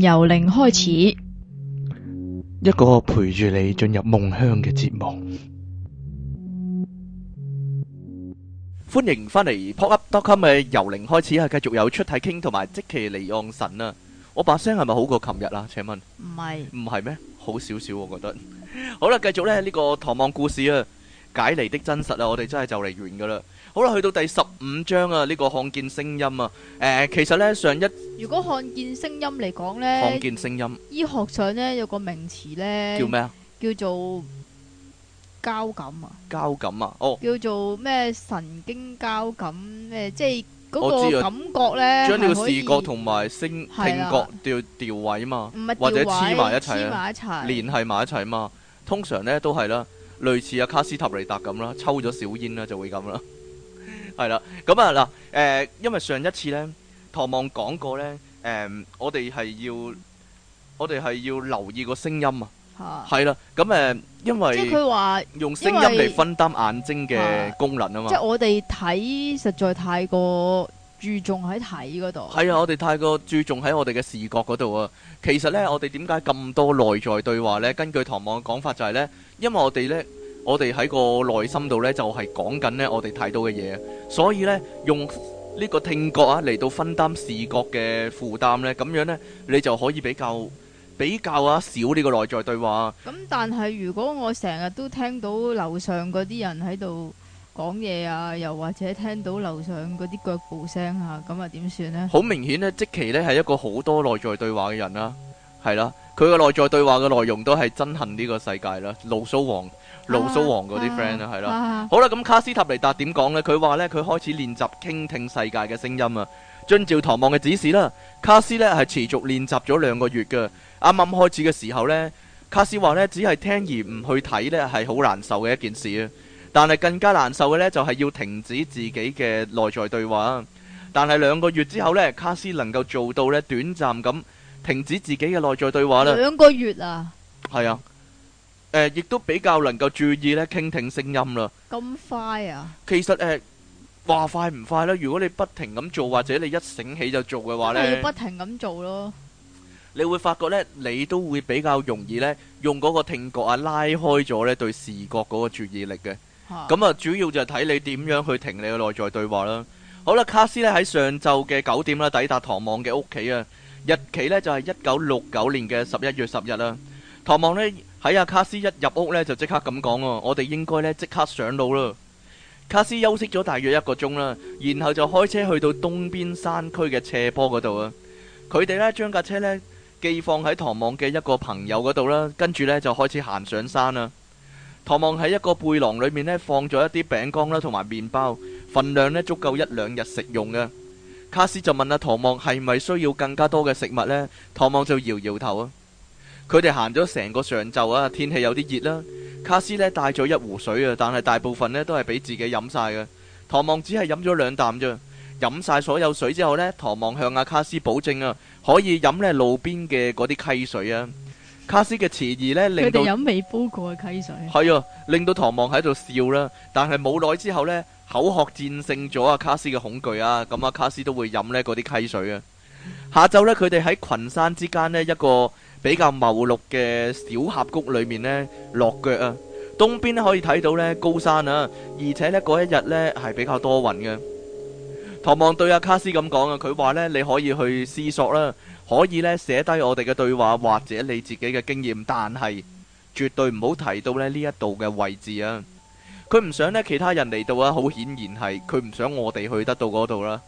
Com, 由零開始、啊，一個陪住你進入夢鄉嘅節目。歡迎翻嚟《Pop Up》。Doc》嘅由零開始，係繼續有出體傾同埋即期離岸神啊！我把聲係咪好過琴日啊？請問唔係唔係咩？好少少，我覺得 好啦。繼續咧呢、這個唐望故事啊！解離的真實啊，我哋真係就嚟完噶啦。好啦，去到第十五章啊，呢個看見聲音啊。誒，其實咧上一如果看見聲音嚟講咧，看見聲音，醫學上咧有個名詞咧叫咩啊？叫做交感啊。交感啊。哦。叫做咩神經交感咩？即係嗰個感覺咧，將呢個視覺同埋聲聽覺調調位嘛，或者黐埋一齊，黐埋一齊，連繫埋一齊嘛。通常咧都係啦。類似阿卡斯塔利達咁啦，抽咗小煙啦，就會咁啦， 係啦。咁啊嗱，誒，因為上一次咧，唐望講過咧，誒、嗯，我哋係要我哋係要留意個聲音嘛啊，係啦。咁、嗯、誒，因為即係佢話用聲音嚟分擔眼睛嘅功能啊嘛，即係、啊就是、我哋睇實在太過注重喺睇嗰度，係 啊，我哋太過注重喺我哋嘅視覺嗰度啊。其實咧，我哋點解咁多內在對話咧？根據唐望嘅講法就係咧。因為我哋咧，我哋喺個內心度咧，就係講緊咧我哋睇到嘅嘢，所以咧用呢個聽覺啊嚟到分擔視覺嘅負擔咧，咁樣咧你就可以比較比較啊少呢個內在對話。咁但係如果我成日都聽到樓上嗰啲人喺度講嘢啊，又或者聽到樓上嗰啲腳步聲啊，咁啊點算呢？好明顯咧，即其咧係一個好多內在對話嘅人啊啦，係啦。佢個內在對話嘅內容都係憎恨呢個世界啦，牢騷王、牢騷王嗰啲 friend 啦，係咯。好啦，咁卡斯塔尼達點講呢？佢話呢，佢開始練習傾聽世界嘅聲音啊，遵照唐望嘅指示啦。卡斯呢係持續練習咗兩個月嘅。啱啱開始嘅時候呢，卡斯話呢，只係聽而唔去睇呢係好難受嘅一件事啊。但係更加難受嘅呢，就係要停止自己嘅內在對話。但係兩個月之後呢，卡斯能夠做到呢短暫咁。停止自己嘅內在對話咧，兩個月啊，係啊，誒，亦都比較能夠注意咧，傾聽聲音啦。咁快啊？其實誒，話快唔快咧？如果你不停咁做，或者你一醒起就做嘅話咧，係要不停咁做咯。你會發覺咧，你都會比較容易咧，用嗰個聽覺啊拉開咗咧對視覺嗰個注意力嘅。咁啊，主要就係睇你點樣去停你嘅內在對話啦。好啦，卡斯咧喺上晝嘅九點啦，抵達唐網嘅屋企啊。日期呢就係一九六九年嘅十一月十日啦。唐望呢喺阿卡斯一入屋呢，就即刻咁講哦，我哋應該呢即刻上路啦。卡斯休息咗大約一個鐘啦，然後就開車去到東邊山區嘅斜坡嗰度啊。佢哋呢將架車呢寄放喺唐望嘅一個朋友嗰度啦，跟住呢就開始行上山啦。唐望喺一個背囊裏面呢，放咗一啲餅乾啦，同埋麵包，份量呢足夠一兩日食用嘅。卡斯就問阿、啊、唐望係咪需要更加多嘅食物呢？唐望就搖搖頭啊。佢哋行咗成個上晝啊，天氣有啲熱啦。卡斯呢帶咗一壺水啊，但係大部分呢都係俾自己飲晒嘅。唐望只係飲咗兩啖啫。飲晒所有水之後呢，唐望向阿、啊、卡斯保證啊，可以飲呢路邊嘅嗰啲溪水啊。卡斯嘅遲疑呢，令到佢哋飲未煲過嘅溪水。係啊，令到唐望喺度笑啦、啊。但係冇耐之後呢。口渴戰勝咗阿卡斯嘅恐懼啊！咁阿卡斯都會飲呢嗰啲溪水啊。下晝呢，佢哋喺群山之間呢一個比較茂綠嘅小峽谷裏面呢落腳啊。東邊可以睇到呢高山啊，而且呢嗰一日呢係比較多雲嘅。唐望對阿卡斯咁講啊，佢話呢，你可以去思索啦，可以呢寫低我哋嘅對話或者你自己嘅經驗，但係絕對唔好提到呢呢一度嘅位置啊。佢唔想咧其他人嚟到啊，好顯然係佢唔想我哋去得到嗰度啦。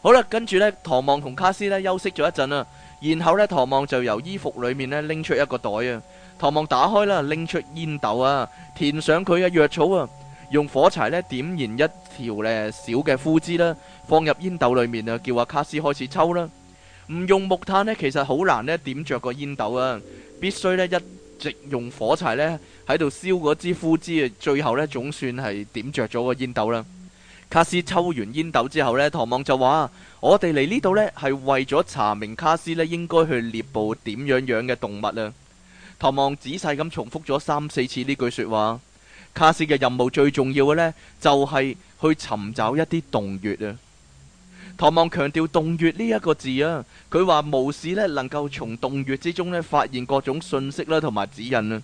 好啦，跟住呢，唐望同卡斯咧休息咗一陣啦，然後呢，唐望就由衣服裏面咧拎出一個袋啊，唐望打開啦，拎出煙斗啊，填上佢嘅藥草啊，用火柴咧點燃一條咧小嘅枯枝啦，放入煙斗裏面啊，叫阿卡斯開始抽啦。唔用木炭呢，其實好難咧點着個煙斗啊，必須呢，一直用火柴呢。喺度燒嗰支枯枝啊，最後呢總算係點着咗個煙斗啦。卡斯抽完煙斗之後呢，唐望就話：我哋嚟呢度呢，係為咗查明卡斯呢應該去獵捕點樣樣嘅動物啊。唐望仔細咁重複咗三四次呢句說話。卡斯嘅任務最重要嘅呢，就係去尋找一啲洞穴啊。唐望強調洞穴呢一個字啊，佢話巫師呢能夠從洞穴之中呢發現各種信息啦，同埋指引啊。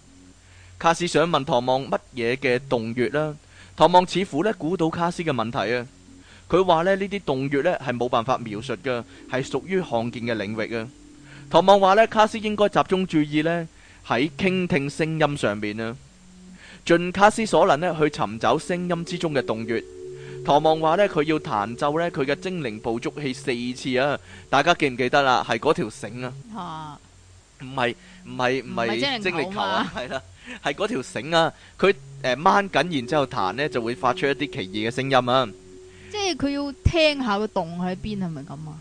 卡斯想問唐望乜嘢嘅洞穴呢？唐望似乎呢估到卡斯嘅問題啊！佢話呢，呢啲洞穴呢係冇辦法描述嘅，係屬於罕見嘅領域啊！唐望話呢，卡斯應該集中注意呢，喺傾聽聲音上面啊！盡卡斯所能呢，去尋找聲音之中嘅洞穴。唐望話呢，佢要彈奏呢，佢嘅精靈捕捉器四次啊！大家記唔記得啦？係嗰條繩啊！唔係唔係，唔係精靈球啊！係啦嘛。 係嗰條繩啊，佢掹緊，呃、然之後彈咧就會發出一啲奇異嘅聲音啊！即係佢要聽下個洞喺邊係咪咁啊？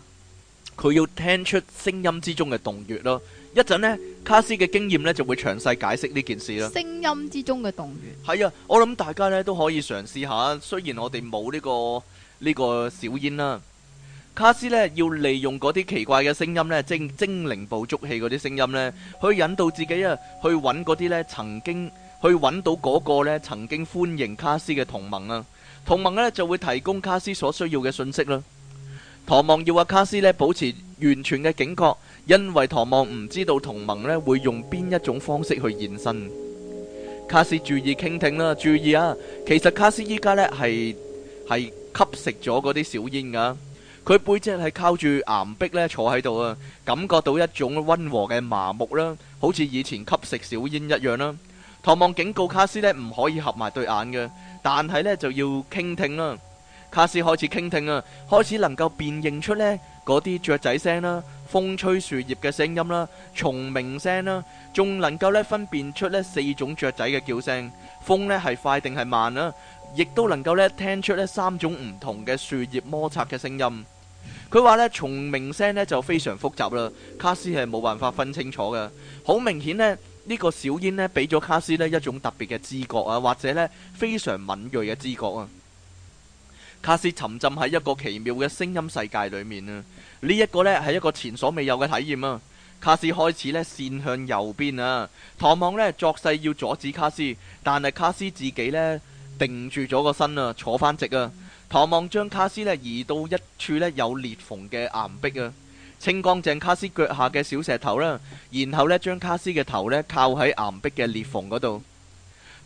佢要聽出聲音之中嘅洞穴咯。一陣呢，卡斯嘅經驗呢就會詳細解釋呢件事啦、啊。聲音之中嘅洞穴係啊，我諗大家呢都可以嘗試下，雖然我哋冇呢個呢、呢個小煙啦、啊。卡斯咧要利用嗰啲奇怪嘅聲音咧，精精靈捕捉器嗰啲聲音咧，去引導自己啊，去揾嗰啲咧曾經去揾到嗰個咧曾經歡迎卡斯嘅同盟啊。同盟咧就會提供卡斯所需要嘅信息啦。唐望要話卡斯咧保持完全嘅警覺，因為唐望唔知道同盟咧會用邊一種方式去現身。卡斯注意傾聽啦，注意啊。其實卡斯依家咧係係吸食咗嗰啲小煙噶、啊。佢背脊係靠住岩壁咧坐喺度啊，感覺到一種溫和嘅麻木啦，好似以前吸食小煙一樣啦。唐望警告卡斯咧唔可以合埋對眼嘅，但係咧就要傾聽啦。卡斯開始傾聽啊，開始能夠辨認出咧嗰啲雀仔聲啦、風吹樹葉嘅聲音啦、蟲鳴聲啦，仲能夠咧分辨出咧四種雀仔嘅叫聲，風咧係快定係慢啦，亦都能夠咧聽出咧三種唔同嘅樹葉摩擦嘅聲音。佢話咧，從鳴聲咧就非常複雜啦，卡斯係冇辦法分清楚㗎。好明顯咧，呢、這個小煙咧俾咗卡斯咧一種特別嘅知覺啊，或者咧非常敏鋭嘅知覺啊。卡斯沉浸喺一個奇妙嘅聲音世界裏面啊，這個、呢一個咧係一個前所未有嘅體驗啊。卡斯開始咧線向右邊啊，唐望咧作勢要阻止卡斯，但係卡斯自己咧定住咗個身啊，坐翻直啊。唐望將卡斯咧移到一處咧有裂縫嘅岩壁，啊，清光淨卡斯腳下嘅小石頭啦，然後咧將卡斯嘅頭咧靠喺岩壁嘅裂縫嗰度。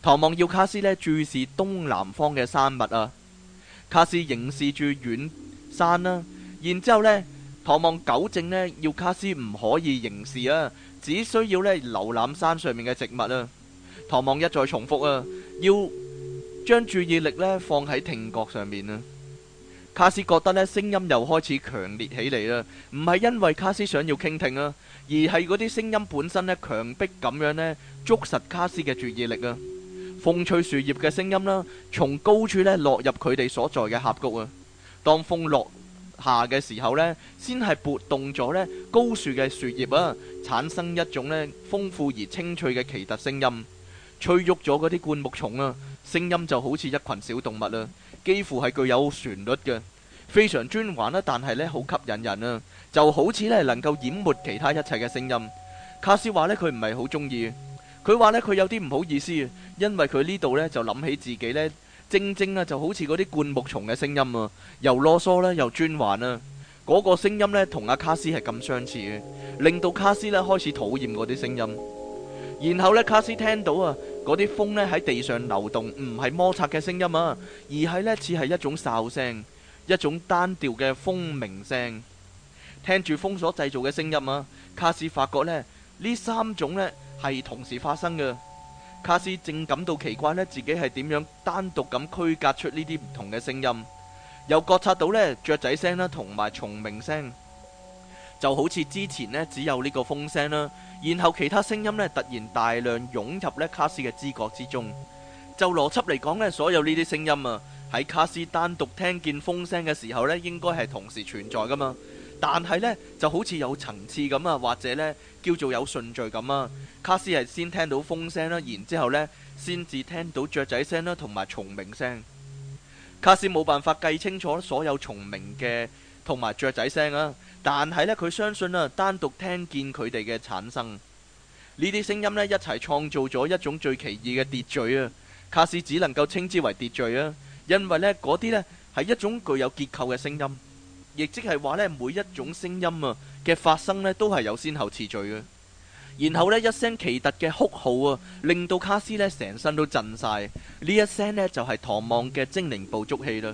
唐望要卡斯咧注視東南方嘅山脈啊，卡斯凝視住遠山啦，然之後咧唐望糾正咧要卡斯唔可以凝視啊，只需要咧瀏覽山上面嘅植物啊。唐望一再重複啊，要。將注意力咧放喺聽覺上面啦，卡斯覺得咧聲音又開始強烈起嚟啦，唔係因為卡斯想要傾聽啊，而係嗰啲聲音本身咧強迫咁樣咧捉實卡斯嘅注意力啊，風吹樹葉嘅聲音啦，從高處咧落入佢哋所在嘅峽谷啊，當風落下嘅時候咧，先係撥動咗咧高樹嘅樹葉啊，產生一種咧豐富而清脆嘅奇特聲音。吹喐咗嗰啲灌木叢啊，聲音就好似一群小動物啦，幾乎係具有旋律嘅，非常專橫啦，但係呢，好吸引人啊，就好似呢能夠淹沒其他一切嘅聲音。卡斯話呢，佢唔係好中意，佢話呢，佢有啲唔好意思，因為佢呢度呢，就諗起自己呢，正正啊，就好似嗰啲灌木叢嘅聲音啊，又囉嗦啦又專橫啊。嗰、那個聲音呢，同阿、啊、卡斯係咁相似嘅，令到卡斯呢開始討厭嗰啲聲音。然後呢，卡斯聽到啊，嗰啲風呢喺地上流動，唔係摩擦嘅聲音啊，而係呢似係一種哨聲，一種單調嘅風鳴聲。聽住風所製造嘅聲音啊，卡斯發覺呢呢三種呢係同時發生嘅。卡斯正感到奇怪呢，自己係點樣單獨咁區隔出呢啲唔同嘅聲音，又覺察到呢雀仔聲啦，同埋蟲鳴聲。就好似之前呢只有呢個風聲啦，然後其他聲音呢突然大量湧入呢卡斯嘅知覺之中。就邏輯嚟講呢，所有呢啲聲音啊喺卡斯單獨聽見風聲嘅時候呢，應該係同時存在噶嘛。但係呢就好似有層次咁啊，或者呢叫做有順序咁啊。卡斯係先聽到風聲啦，然之後呢先至聽到雀仔聲啦，同埋蟲鳴聲。卡斯冇辦法計清楚所有蟲鳴嘅。同埋雀仔聲啊！但係呢，佢相信啊，單獨聽見佢哋嘅產生呢啲聲音呢，一齊創造咗一種最奇異嘅秩序啊！卡斯只能夠稱之為秩序啊，因為呢嗰啲呢，係一種具有結構嘅聲音，亦即係話呢，每一種聲音啊嘅發生呢，都係有先後次序嘅。然後呢，一聲奇特嘅哭號啊，令到卡斯呢成身都震晒。呢一聲呢，就係唐望嘅精靈捕捉器啦。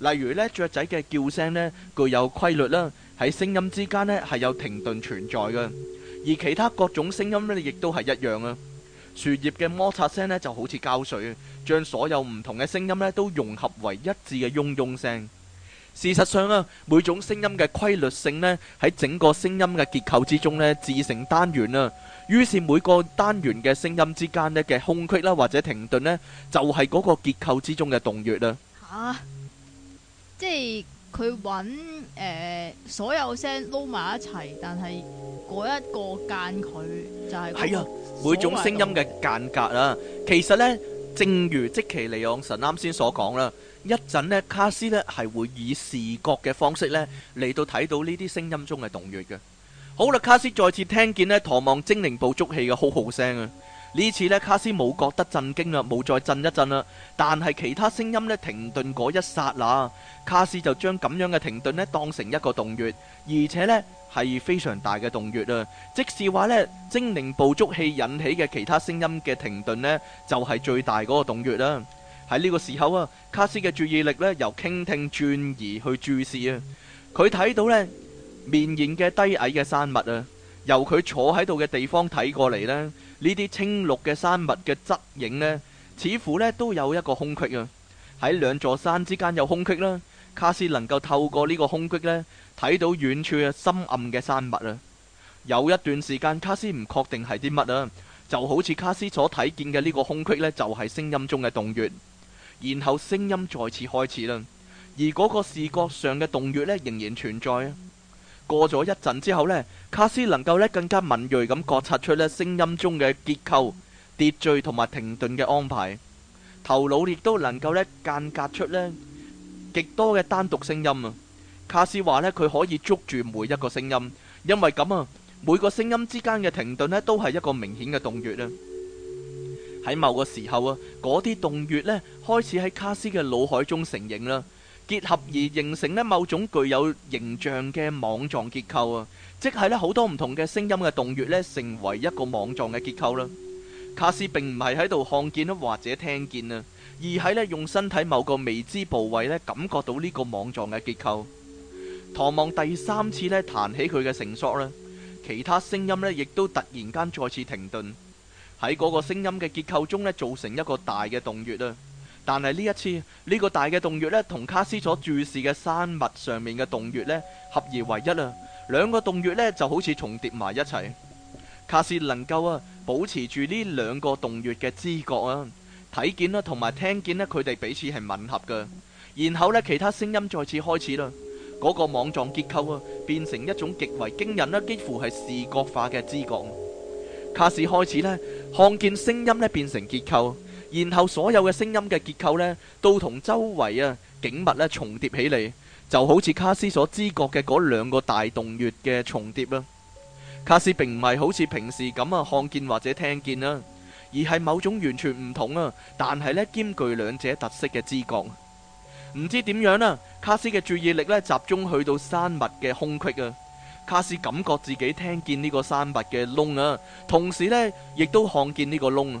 例如咧，雀仔嘅叫聲咧，具有規律啦，喺聲音之間咧，係有停頓存在嘅。而其他各種聲音咧，亦都係一樣啊。樹葉嘅摩擦聲咧，就好似膠水，將所有唔同嘅聲音咧，都融合為一致嘅嗡嗡聲。事實上啊，每種聲音嘅規律性咧，喺整個聲音嘅結構之中咧，自成單元啊。於是每個單元嘅聲音之間咧嘅空隙啦，或者停頓咧，就係嗰個結構之中嘅洞穴啊。即係佢揾誒，所有聲撈埋一齊，但係嗰一個間距就係佢係啊，每種聲音嘅間隔啊。其實咧，正如即其尼昂神啱先所講啦，一陣咧卡斯咧係會以視覺嘅方式咧嚟到睇到呢啲聲音中嘅動越嘅。好啦，卡斯再次聽見咧，唐望精靈捕捉器嘅號號聲啊！呢次咧，卡斯冇覺得震驚啦，冇再震一震啦。但係其他聲音咧停頓嗰一剎那，卡斯就將咁樣嘅停頓咧當成一個洞穴，而且咧係非常大嘅洞穴啊！即是話咧，精靈捕捉器引起嘅其他聲音嘅停頓咧，就係最大嗰個洞穴啦。喺呢個時候啊，卡斯嘅注意力咧由傾聽轉移去注視啊，佢睇到咧綿延嘅低矮嘅山脈啊。由佢坐喺度嘅地方睇過嚟呢，呢啲青綠嘅山脈嘅側影呢，似乎呢都有一個空隙啊！喺兩座山之間有空隙啦，卡斯能夠透過呢個空隙呢，睇到遠處啊深暗嘅山脈啊！有一段時間，卡斯唔確定係啲乜啊，就好似卡斯所睇見嘅呢個空隙呢，就係聲音中嘅洞穴。然後聲音再次開始啦，而嗰個視覺上嘅洞穴呢，仍然存在啊！過咗一陣之後呢，卡斯能夠咧更加敏銳咁覺察出咧聲音中嘅結構、秩序同埋停頓嘅安排，頭腦亦都能夠咧間隔出呢極多嘅單獨聲音啊！卡斯話呢，佢可以捉住每一個聲音，因為咁啊，每個聲音之間嘅停頓咧都係一個明顯嘅洞穴啦。喺某個時候啊，嗰啲洞穴呢開始喺卡斯嘅腦海中成形啦。結合而形成咧某種具有形象嘅網狀結構啊，即係咧好多唔同嘅聲音嘅動躍咧成為一個網狀嘅結構啦。卡斯並唔係喺度看見或者聽見啊，而係咧用身體某個未知部位咧感覺到呢個網狀嘅結構。唐望第三次咧彈起佢嘅繩索啦，其他聲音咧亦都突然間再次停頓，喺嗰個聲音嘅結構中咧造成一個大嘅動躍啊！但係呢一次呢，這個大嘅洞穴呢，同卡斯所注視嘅山脈上面嘅洞穴呢，合而為一啦。兩個洞穴呢，就好似重疊埋一齊。卡斯能夠啊保持住呢兩個洞穴嘅知覺啊，睇見啦同埋聽見咧，佢哋彼此係吻合嘅。然後呢，其他聲音再次開始啦。嗰，那個網狀結構啊，變成一種極為驚人啦，幾乎係視覺化嘅知覺。卡斯開始呢，看見聲音咧變成結構。然後所有嘅聲音嘅結構呢，都同周圍啊景物咧重疊起嚟，就好似卡斯所知覺嘅嗰兩個大洞穴嘅重疊啦。卡斯並唔係好似平時咁啊看見或者聽見啊，而係某種完全唔同啊，但係呢兼具兩者特色嘅知覺。唔知點樣啦，卡斯嘅注意力呢，集中去到山脈嘅空隙啊，卡斯感覺自己聽見呢個山脈嘅窿啊，同時呢亦都看見呢個窿。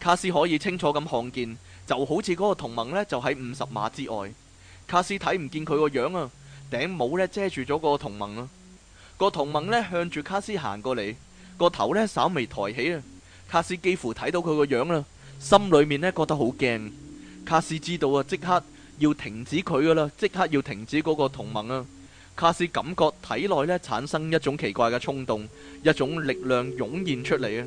卡斯可以清楚咁看見，就好似嗰個同盟呢就喺五十碼之外。卡斯睇唔見佢個樣啊，頂帽呢遮住咗個同盟啊。個同盟呢向住卡斯行過嚟，個頭呢稍微抬起啊。卡斯幾乎睇到佢個樣啦，心裏面呢覺得好驚。卡斯知道啊，即刻要停止佢噶啦，即刻要停止嗰個同盟啊。卡斯感覺體內呢產生一種奇怪嘅衝動，一種力量湧現出嚟啊！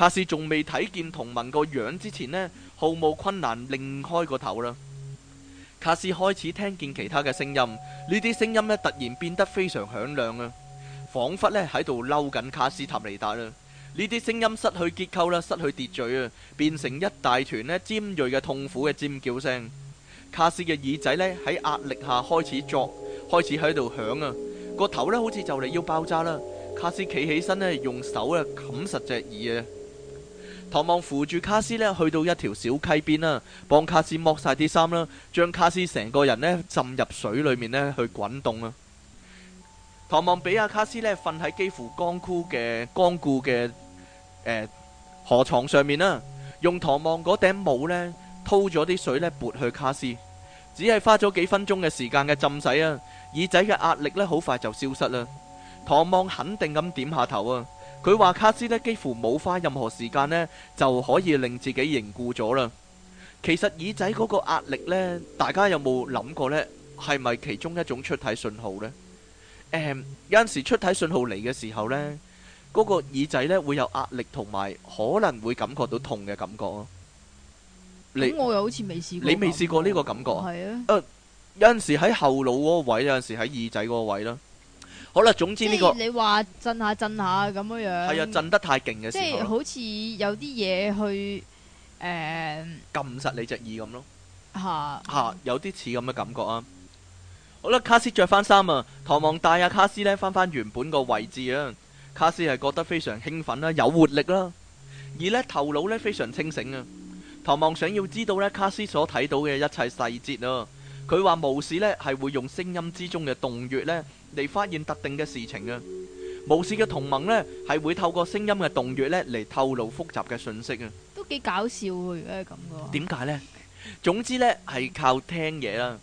卡斯仲未睇見同盟個樣之前呢，毫無困難擰開個頭啦。卡斯開始聽見其他嘅聲音，呢啲聲音呢突然變得非常響亮啊，仿佛呢喺度嬲緊卡斯塔尼達啦。呢啲聲音失去結構啦，失去秩序啊，變成一大團呢尖銳嘅痛苦嘅尖叫聲。卡斯嘅耳仔呢喺壓力下開始作，開始喺度響啊，個頭呢好似就嚟要爆炸啦。卡斯企起身呢，用手啊冚實隻耳啊。唐望扶住卡斯咧，去到一條小溪邊啦，幫卡斯剝晒啲衫啦，將卡斯成個人咧浸入水裏面咧去滾動啊！唐望俾阿卡斯咧瞓喺幾乎乾枯嘅乾固嘅誒河床上面啦，用唐望嗰頂帽呢，掏咗啲水咧撥去卡斯，只係花咗幾分鐘嘅時間嘅浸洗啊！耳仔嘅壓力咧好快就消失啦。唐望肯定咁點下頭啊！佢話卡斯呢幾乎冇花任何時間呢，就可以令自己凝固咗啦。其實耳仔嗰個壓力呢，大家有冇諗過呢？係咪其中一種出體信號呢？Um, 有陣時出體信號嚟嘅時候呢，嗰、嗰個耳仔呢會有壓力同埋，可能會感覺到痛嘅感覺啊。咁我又好似未試過你。你未試過呢個感覺？啊、uh,。有陣時喺後腦嗰個位，有陣時喺耳仔嗰個位啦。好啦，總之呢、呢個，你話震下震下咁樣樣，係啊，震得太勁嘅時候，即係好似有啲嘢去誒，撳、呃、實你隻耳咁咯，吓吓哈、啊，有啲似咁嘅感覺啊！好啦，卡斯着翻衫啊，唐望帶阿卡斯呢翻翻原本個位置啊，卡斯係覺得非常興奮啦、啊，有活力啦、啊，而呢頭腦呢非常清醒啊！唐望想要知道呢卡斯所睇到嘅一切細節啊！佢話巫士呢係會用聲音之中嘅動樂呢嚟，發現特定嘅事情啊，巫士嘅同盟呢係會透過聲音嘅動樂呢嚟透露複雜嘅信息啊，都幾搞笑啊，原來係咁噶。點解呢？總之呢係靠聽嘢啦。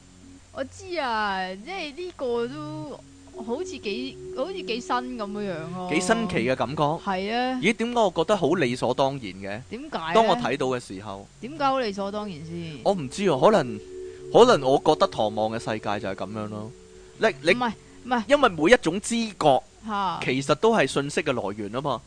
我知啊，即係呢個都好似幾好似幾新咁樣樣咯。幾新奇嘅感覺。係啊。咦？點解我覺得好理所當然嘅？點解？當我睇到嘅時候。點解好理所當然先？我唔知啊，可能。可能我覺得唐望嘅世界就係咁樣咯。你你唔係唔係，因為每一種知覺其實都係信息嘅來源啊嘛。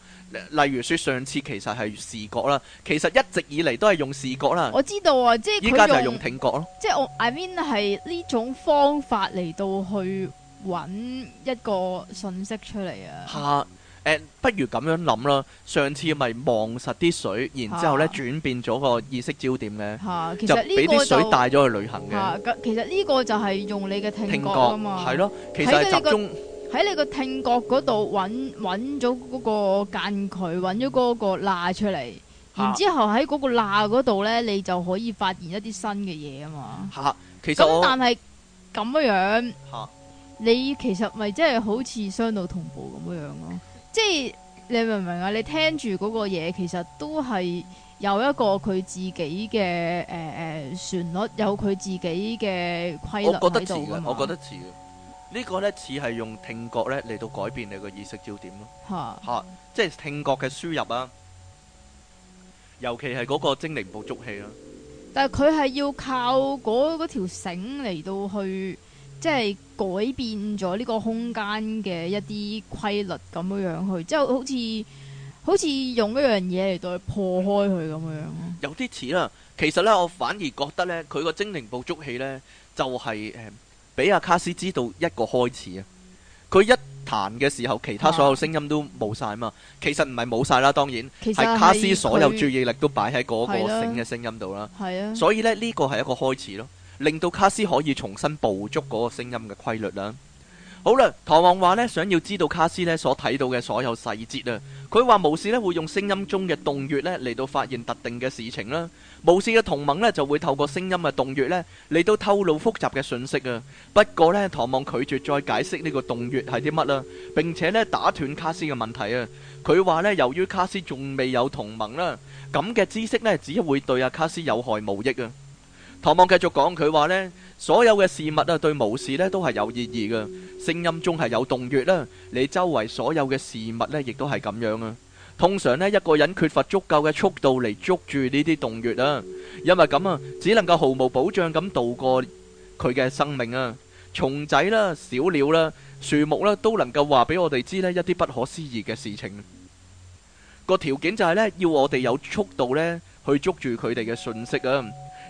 例如說上次其實係視覺啦，其實一直以嚟都係用視覺啦。我知道啊，即係依家就係用挺覺聽覺咯。即係我 I mean 係呢種方法嚟到去揾一個信息出嚟啊。誒、欸，不如咁樣諗啦。上次咪望實啲水，然之後咧、啊、轉變咗個意識焦點咧，啊、其實就俾啲水帶咗去旅行嘅、啊。其實呢個就係用你嘅聽覺啊嘛。係咯，其實集中喺你個聽覺嗰度揾咗嗰個間距，揾咗嗰個罅出嚟，啊、然之後喺嗰個罅嗰度咧，你就可以發現一啲新嘅嘢啊嘛。嚇、啊！其實咁，但係咁樣，嚇、啊、你其實咪真係好似雙腦同步咁樣咯。即係你明唔明啊？你聽住嗰個嘢，其實都係有一個佢自己嘅誒誒旋律，有佢自己嘅規律喺度。我覺得似啊，我覺得似、這個、呢個咧似係用聽覺咧嚟到改變你個意識焦點咯。吓吓哈、啊，即係聽覺嘅輸入啊，尤其係嗰個精靈捕捉器啦、啊。但係佢係要靠嗰嗰條繩嚟到去，即係。改變咗呢個空間嘅一啲規律咁樣樣去，之後好似好似用一樣嘢嚟到破開佢咁樣、啊。有啲似啦，其實咧我反而覺得咧，佢個精靈捕捉器咧就係、是、誒、俾、呃、阿卡斯知道一個開始啊。佢一彈嘅時候，其他所有聲音都冇晒嘛。啊、其實唔係冇晒啦，當然係卡斯所有注意力都擺喺嗰個繩嘅聲音度啦。係啊，所以咧呢個係一個開始咯。令到卡斯可以重新捕捉嗰個聲音嘅規律啦。好啦，唐望話呢，想要知道卡斯呢所睇到嘅所有細節啊。佢話巫師呢會用聲音中嘅動躍呢嚟到發現特定嘅事情啦。巫師嘅同盟呢就會透過聲音嘅動躍呢嚟到透露複雜嘅信息啊。不過呢，唐望拒絕再解釋呢個動躍係啲乜啦。並且呢打斷卡斯嘅問題啊。佢話呢，由於卡斯仲未有同盟啦，咁嘅知識呢只會對阿卡斯有害無益啊。唐望繼續講，佢話咧，所有嘅事物啊，對巫士咧都係有意義嘅。聲音中係有洞穴啦，你周圍所有嘅事物咧，亦都係咁樣啊。通常咧，一個人缺乏足夠嘅速度嚟捉住呢啲洞穴啊，因為咁啊，只能夠毫無保障咁度過佢嘅生命啊。蟲仔啦，小鳥啦，樹木啦，都能夠話俾我哋知咧一啲不可思議嘅事情。個條件就係咧，要我哋有速度咧去捉住佢哋嘅訊息啊。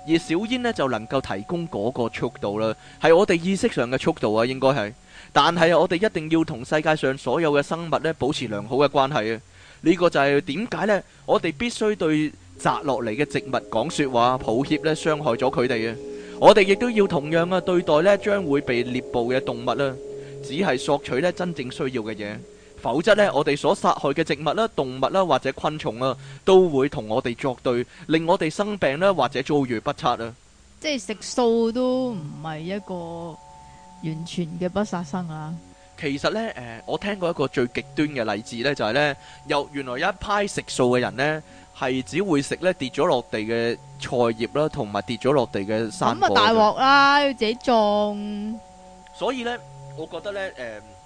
而小煙呢，就能夠提供嗰個速度啦，係我哋意識上嘅速度啊，應該係。但係我哋一定要同世界上所有嘅生物呢保持良好嘅關係啊！呢、呢個就係點解呢？我哋必須對摘落嚟嘅植物講說話，抱歉呢，傷害咗佢哋啊！我哋亦都要同樣啊對待呢，將會被獵捕嘅動物啦、啊，只係索取呢真正需要嘅嘢。否則呢，我哋所殺害嘅植物啦、動物啦或者昆蟲啊，都會同我哋作對，令我哋生病啦或者遭遇不測啊。即係食素都唔係一個完全嘅不殺生啊。其實呢，誒、呃，我聽過一個最極端嘅例子呢，就係、是、呢：有原來一派食素嘅人呢，係只會食呢跌咗落地嘅菜葉啦，同埋跌咗落地嘅山果。咁啊，大鑊啦，要自己種。所以呢，我覺得呢。誒、呃。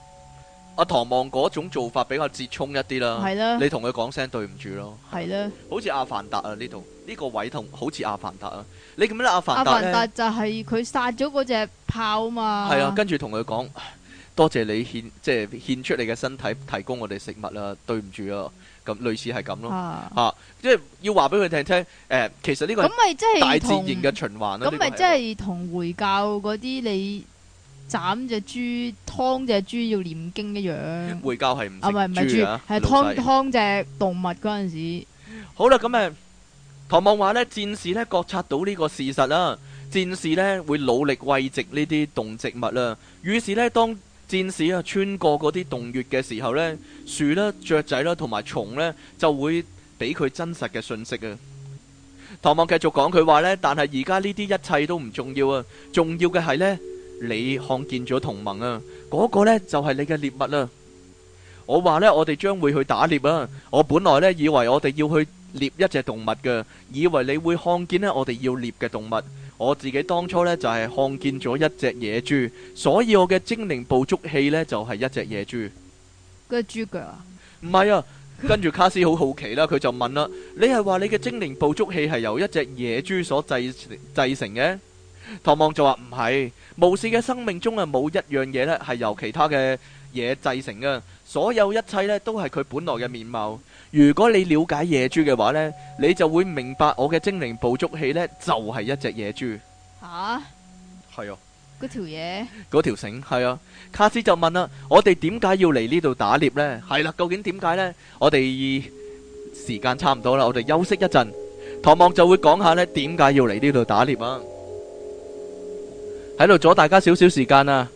阿、啊、唐望嗰種做法比較折衷一啲啦，的你同佢講聲對唔住咯，係啦的、啊這個，好似阿凡達啊呢度呢個位同好似阿凡達啊，你咁樣阿凡達就係佢殺咗嗰隻豹啊嘛，係啊，跟住同佢講多謝你獻，即係獻出你嘅身體提供我哋食物啦、啊，對唔住啊，咁類似係咁咯，啊，啊，即係要話俾佢聽聽，誒、呃，其實呢個咁咪即係大自然嘅循環咯、啊，咁咪即係同回教嗰啲你。啊啊斬隻豬，劏隻豬要念經一樣。回教係唔食豬啊，唔係唔係，豬係劏隻動物嗰陣時。好啦，咁誒，唐望話呢，戰士呢，覺察到呢個事實啦，戰士呢，會努力喂植呢啲動植物啦。於是呢，當戰士啊穿過嗰啲洞穴嘅時候呢，樹啦、雀仔啦同埋蟲呢，就會俾佢真實嘅信息啊。唐望繼續講佢話呢，但係而家呢啲一切都唔重要啊，重要嘅係呢。你看見咗同盟啊？嗰、那個呢就係、是、你嘅獵物啦、啊。我話呢，我哋將會去打獵啊。我本來呢以為我哋要去獵一隻動物嘅，以為你會看見呢我哋要獵嘅動物。我自己當初呢就係、是、看見咗一隻野豬，所以我嘅精靈捕捉器呢就係、是、一隻野豬。嗰個豬腳啊？唔 係啊。跟住卡斯好好奇啦、啊，佢就問啦、啊，你係話你嘅精靈捕捉器係由一隻野豬所製成製成嘅？唐望就話唔係，無事嘅生命中啊冇一樣嘢咧係由其他嘅嘢製成嘅，所有一切咧都係佢本來嘅面貌。如果你了解野豬嘅話咧，你就會明白我嘅精靈捕捉器咧就係一隻野豬。吓，係啊，嗰條嘢，嗰條繩係啊。卡斯就問啦，我哋點解要嚟呢度打獵咧？係啦，究竟點解咧？我哋時間差唔多啦，我哋休息一陣。唐望就會講下咧點解要嚟呢度打獵啊？喺度阻大家少少時間啊！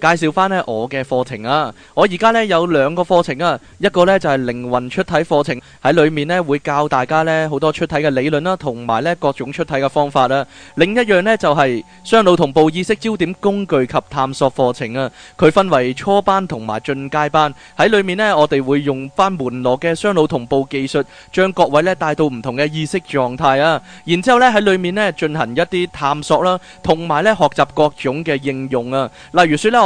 介紹翻呢我嘅課程啊！我而家呢有兩個課程啊，一個呢就係靈魂出體課程，喺裡面呢會教大家呢好多出體嘅理論啦，同埋呢各種出體嘅方法啊。另一樣呢就係雙腦同步意識焦點工具及探索課程啊。佢分為初班同埋進階班，喺裡面呢我哋會用翻門羅嘅雙腦同步技術，將各位呢帶到唔同嘅意識狀態啊。然之後呢喺裡面呢進行一啲探索啦，同埋呢學習各種嘅應用啊。例如説呢。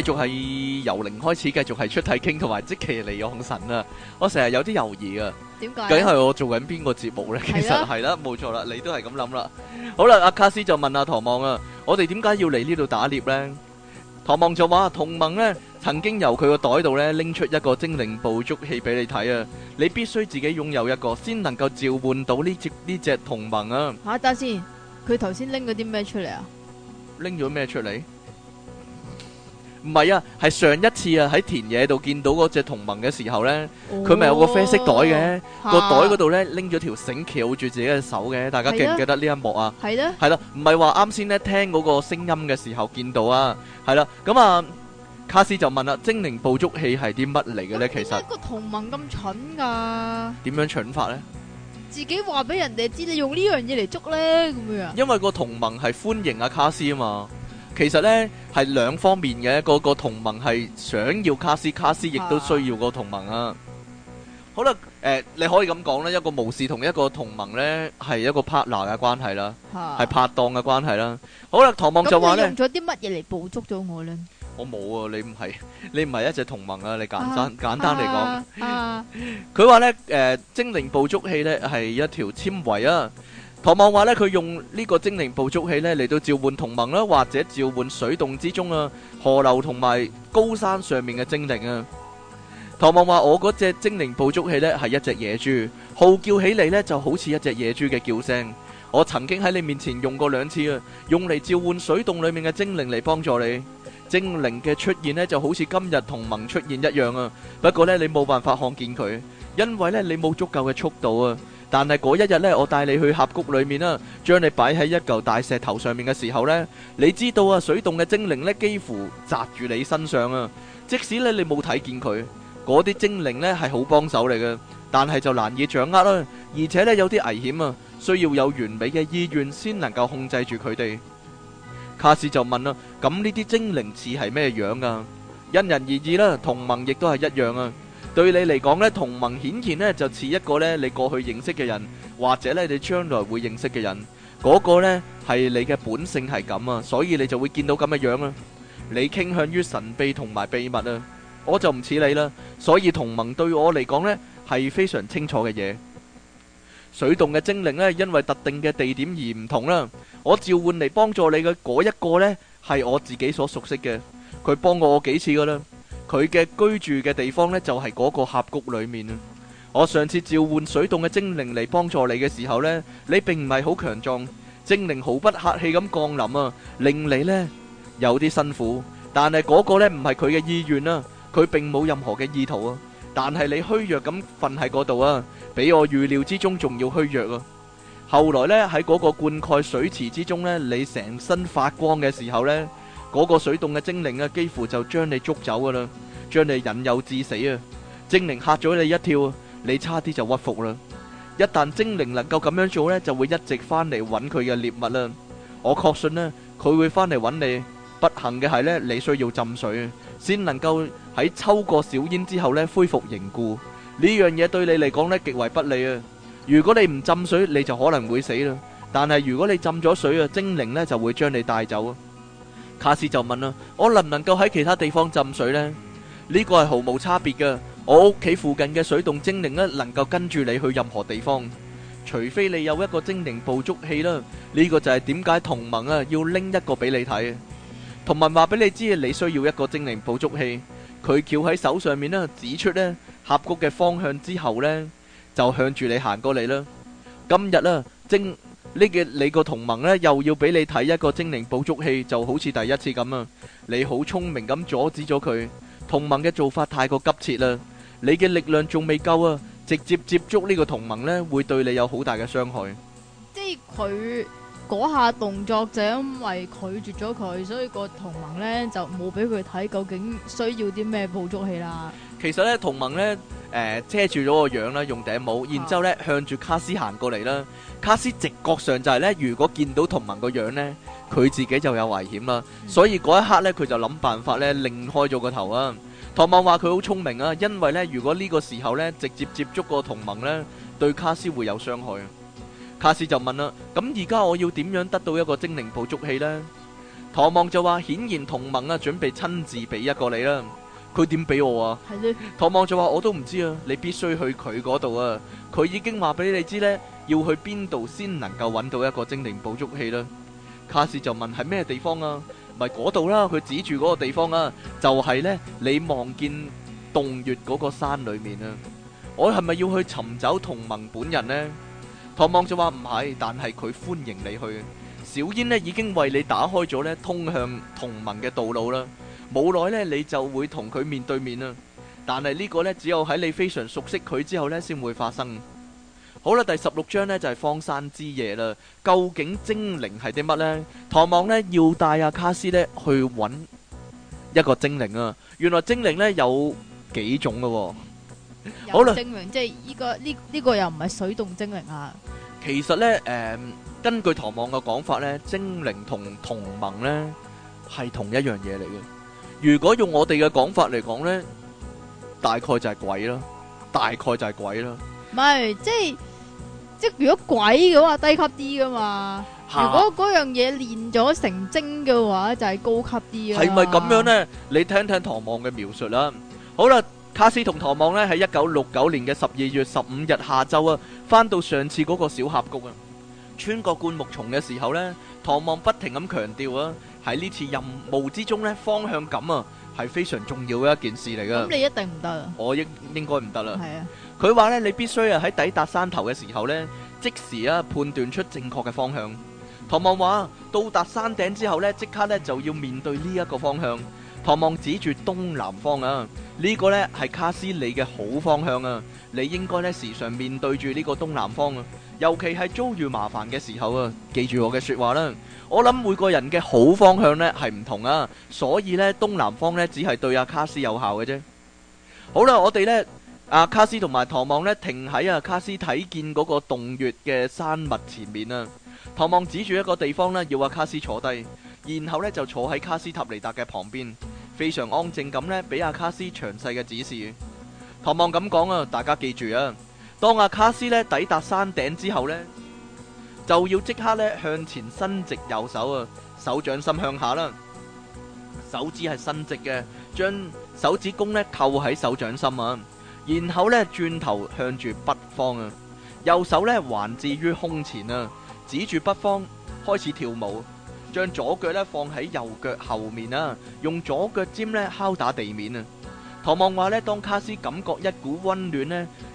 繼續係由零開始，繼續係出體傾同埋即其嚟養神啊！我成日有啲猶豫啊，點解？究竟係我做緊邊個節目咧？其實係啦，冇錯啦，你都係咁諗啦。好啦，阿卡斯就問阿唐望啊：我哋點解要嚟呢度打獵咧？唐望就話：同盟咧，曾經由佢個袋度咧拎出一個精靈捕捉器俾你睇啊！你必須自己擁有一個，先能夠召喚到呢隻呢隻同盟啊！吓，等先，佢頭先拎咗啲咩出嚟啊？拎咗咩出嚟？唔係啊，係上一次啊，喺田野度見到嗰隻同盟嘅時候咧，佢咪有個啡色袋嘅，個袋嗰度咧拎咗條繩鉤住自己嘅手嘅，大家記唔記得呢一幕啊？係啦，係啦，唔係話啱先咧聽嗰個聲音嘅時候見到啊，係啦，咁啊卡斯就問啦，精靈捕捉器係啲乜嚟嘅咧？其實呢個同盟咁蠢噶，點樣蠢法咧？自己話俾人哋知你用呢樣嘢嚟捉咧，咁樣。因為個同盟係歡迎阿卡斯啊嘛。其實咧係兩方面嘅，個個同盟係想要卡斯卡斯，亦都需要個同盟啊。好啦，誒你可以咁講咧，一個無視同一個同盟咧係一個 partner 嘅關係啦，係拍檔嘅關係啦。好啦，唐望就話咧，用咗啲乜嘢嚟捕捉咗我咧？我冇啊，你唔係，你唔係一隻同盟啊！你簡單簡單嚟講，佢話咧誒，精靈捕捉器咧係一條纖維啊。唐望話呢，佢用呢個精靈捕捉器呢嚟到召喚同盟啦，或者召喚水洞之中啊河流、同埋高山上面嘅精靈啊。唐望話，我嗰隻精靈捕捉器呢，係一隻野豬，號叫起嚟呢就好似一隻野豬嘅叫聲。我曾經喺你面前用過兩次啊，用嚟召喚水洞裏面嘅精靈嚟幫助你。精靈嘅出現呢，就好似今日同盟出現一樣啊，不過呢，你冇辦法看見佢，因為呢，你冇足夠嘅速度啊。但係嗰一日咧，我帶你去峽谷裏面啦，將你擺喺一嚿大石頭上面嘅時候咧，你知道啊，水洞嘅精靈咧幾乎砸住你身上啊。即使咧你冇睇見佢，嗰啲精靈咧係好幫手嚟嘅，但係就難以掌握啦，而且咧有啲危險啊，需要有完美嘅意願先能夠控制住佢哋。卡斯就問啦：咁呢啲精靈似係咩樣啊？因人而異啦，同盟亦都係一樣啊。對你嚟講呢，同盟顯然呢就似一個呢你過去認識嘅人，或者呢你將來會認識嘅人。嗰個呢係你嘅本性係咁啊，所以你就會見到咁嘅樣啊。你傾向於神秘同埋秘密啊，我就唔似你啦。所以同盟對我嚟講呢係非常清楚嘅嘢。水洞嘅精靈呢，因為特定嘅地點而唔同啦。我召喚嚟幫助你嘅嗰一個呢，係我自己所熟悉嘅，佢幫過我幾次噶啦。佢嘅居住嘅地方呢，就係嗰個峽谷裏面啊！我上次召喚水洞嘅精靈嚟幫助你嘅時候呢，你並唔係好強壯，精靈毫不客氣咁降臨啊，令你呢有啲辛苦。但係嗰個呢，唔係佢嘅意願啊，佢並冇任何嘅意圖啊。但係你虛弱咁瞓喺嗰度啊，比我預料之中仲要虛弱啊！後來呢，喺嗰個灌溉水池之中呢，你成身發光嘅時候呢。嗰個水洞嘅精靈啊，幾乎就將你捉走噶啦，將你引誘致死啊！精靈吓咗你一跳，你差啲就屈服啦。一旦精靈能夠咁樣做咧，就會一直翻嚟揾佢嘅獵物啦。我確信咧，佢會翻嚟揾你。不幸嘅係咧，你需要浸水啊，先能夠喺抽過小煙之後咧恢復凝固。呢樣嘢對你嚟講咧極為不利啊！如果你唔浸水，你就可能會死啦。但係如果你浸咗水啊，精靈咧就會將你帶走啊！卡斯就問啦：我能唔能夠喺其他地方浸水咧？呢個係毫無差別嘅。我屋企附近嘅水洞精靈咧，能夠跟住你去任何地方，除非你有一個精靈捕捉器啦。呢個就係點解同盟啊，要拎一個俾你睇。同盟話俾你知，你需要一個精靈捕捉器。佢翹喺手上面咧，指出咧峽谷嘅方向之後咧，就向住你行過嚟啦。今日咧，精。呢個你個同盟呢，又要俾你睇一個精靈捕捉器，就好似第一次咁啊。你好聰明咁阻止咗佢，同盟嘅做法太過急切啦！你嘅力量仲未夠啊！直接接觸呢個同盟呢，會對你有好大嘅傷害。即係佢嗰下動作，就因為拒絕咗佢，所以個同盟呢就冇俾佢睇究竟需要啲咩捕捉器啦。其實呢，同盟呢。誒，遮住咗個樣啦，用頂帽，然之後咧向住卡斯行過嚟啦。卡斯直覺上就係咧，如果見到同盟個樣咧，佢自己就有危險啦。所以嗰一刻咧，佢就諗辦法咧擰開咗個頭啊。唐望話佢好聰明啊，因為咧如果呢個時候咧直接接觸個同盟咧，對卡斯會有傷害。卡斯就問啦，咁而家我要點樣得到一個精靈捕捉器呢？唐望就話，顯然同盟啊準備親自俾一個你啦。佢點俾我啊？係咧，唐望就話：我都唔知啊！你必須去佢嗰度啊！佢已經話俾你知咧，要去邊度先能夠揾到一個精靈捕捉器啦。卡士就問：係咩地方啊？唔係嗰度啦！佢指住嗰個地方啊，就係咧你望見洞穴嗰個山裡面啊！我係咪要去尋找同盟本人呢？唐望就話：唔係，但係佢歡迎你去。小煙呢已經為你打開咗咧通向同盟嘅道路啦。冇耐呢，你就會同佢面對面啦。但係呢個呢，只有喺你非常熟悉佢之後呢，先會發生。好啦，第十六章呢就係荒山之夜啦。究竟精靈係啲乜呢？唐望呢要帶阿卡斯呢去揾一個精靈啊！原來精靈呢有幾種㗎喎。好啦，精靈即係呢個呢，呢個又唔係水動精靈啊。其實呢，誒，根據唐望嘅講法呢，精靈同同盟呢係同一樣嘢嚟嘅。如果用我哋嘅講法嚟講呢，大概就係鬼啦，大概就係鬼啦。唔係，即係即係如果鬼嘅話低級啲㗎嘛。如果嗰樣嘢練咗成精嘅話，就係高級啲。係咪咁樣呢？你聽聽唐望嘅描述啦。好啦，卡斯同唐望呢喺一九六九年嘅十二月十五日下晝啊，翻到上次嗰個小峽谷啊，穿過灌木叢嘅時候呢，唐望不停咁強調啊。喺呢次任務之中呢，方向感啊，係非常重要嘅一件事嚟㗎。咁你一定唔得啦。我應應該唔得啦。啊的。佢話呢，你必須啊喺抵達山頭嘅時候呢，即時啊判斷出正確嘅方向。唐望話：到達山頂之後呢，即刻呢，就要面對呢一個方向。唐望指住東南方啊，呢個呢，係卡斯里嘅好方向啊。你應該呢，時常面對住呢個東南方啊，尤其係遭遇麻煩嘅時候啊，記住我嘅説話啦。我諗每個人嘅好方向呢係唔同啊，所以呢，東南方呢，只係對阿卡斯有效嘅啫。好啦，我哋呢，阿卡斯同埋唐望呢，停喺阿卡斯睇見嗰個洞穴嘅山脈前面啊。唐望指住一個地方呢，要阿卡斯坐低，然後呢，就坐喺卡斯塔尼達嘅旁邊，非常安靜咁呢，俾阿卡斯詳細嘅指示。唐望咁講啊，大家記住啊，當阿卡斯呢，抵達山頂之後呢。就要即刻咧向前伸直右手啊，手掌心向下啦，手指係伸直嘅，將手指弓咧扣喺手掌心啊，然後咧轉頭向住北方啊，右手咧環置於胸前啊，指住北方開始跳舞，將左腳咧放喺右腳後面啊，用左腳尖咧敲打地面啊。唐望話咧，當卡斯感覺一股溫暖呢。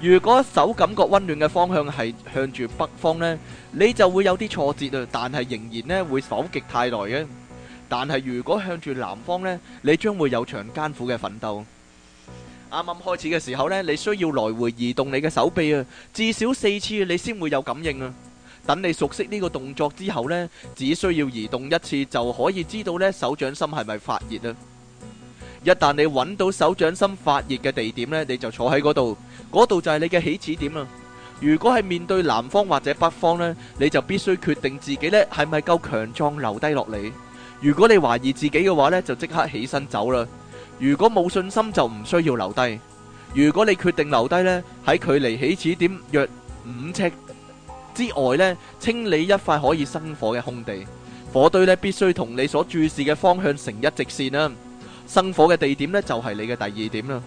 如果手感覺溫暖嘅方向係向住北方呢，你就會有啲挫折啊，但係仍然呢，會否極泰來嘅。但係如果向住南方呢，你將會有場艱苦嘅奮鬥。啱啱開始嘅時候呢，你需要來回移動你嘅手臂啊至少四次你先會有感應啊，等你熟悉呢個動作之後呢，只需要移動一次就可以知道呢手掌心係咪發熱呀。一旦你揾到手掌心發熱嘅地點咧，你就坐喺嗰度，嗰度就係你嘅起始點啦。如果係面對南方或者北方咧，你就必須決定自己咧係咪夠強壯留低落嚟。如果你懷疑自己嘅話咧，就即刻起身走啦。如果冇信心就唔需要留低。如果你決定留低咧，喺距離起始點約五尺之外咧，清理一塊可以生火嘅空地，火堆咧必須同你所注視嘅方向成一直線啦。生火嘅地點咧就係你嘅第二點啦，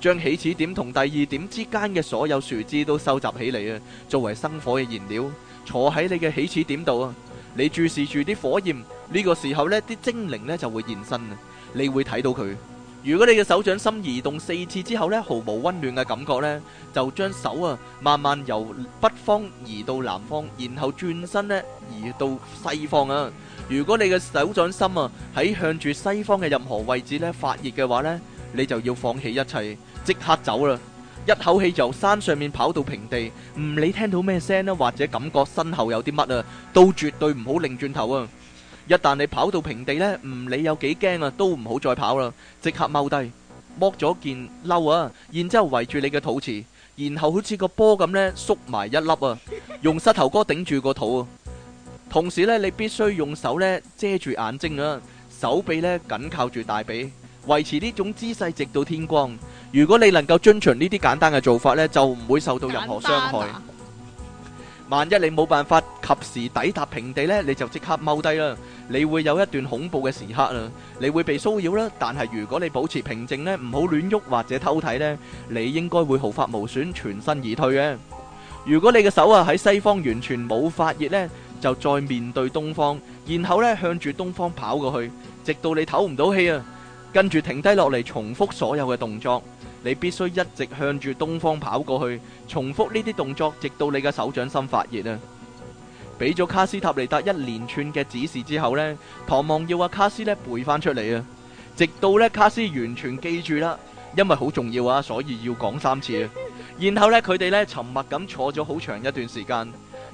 將起始點同第二點之間嘅所有樹枝都收集起嚟啊，作為生火嘅燃料。坐喺你嘅起始點度啊，你注視住啲火焰。呢個時候咧，啲精靈咧就會現身啊，你會睇到佢。如果你嘅手掌心移動四次之後咧，毫無溫暖嘅感覺咧，就將手啊慢慢由北方移到南方，然後轉身咧移到西方啊。如果你嘅手掌心啊喺向住西方嘅任何位置咧發熱嘅話咧，你就要放棄一切，即刻走啦！一口氣由山上面跑到平地，唔理聽到咩聲啦，或者感覺身後有啲乜啊，都絕對唔好擰轉頭啊！一旦你跑到平地咧，唔理有幾驚啊，都唔好再跑啦，即刻踎低，剝咗件褸啊，然之後圍住你嘅肚臍，然後好似個波咁咧縮埋一粒啊，用膝頭哥頂住個肚啊！同時咧，你必須用手咧遮住眼睛啊，手臂咧緊靠住大髀，維持呢種姿勢直到天光。如果你能夠遵循呢啲簡單嘅做法咧，就唔會受到任何傷害。萬一你冇辦法及時抵達平地咧，你就即刻踎低啦。你會有一段恐怖嘅時刻啊！你會被騷擾啦，但係如果你保持平靜咧，唔好亂喐或者偷睇咧，你應該會毫髮無損，全身而退嘅。如果你嘅手啊喺西方完全冇發熱咧，就再面對東方，然後咧向住東方跑過去，直到你唞唔到氣啊！跟住停低落嚟，重複所有嘅動作。你必須一直向住東方跑過去，重複呢啲動作，直到你嘅手掌心發熱啊！俾咗卡斯塔尼達一連串嘅指示之後呢，唐望要阿卡斯呢背翻出嚟啊！直到呢，卡斯完全記住啦，因為好重要啊，所以要講三次啊。然後呢，佢哋呢，沉默咁坐咗好長一段時間。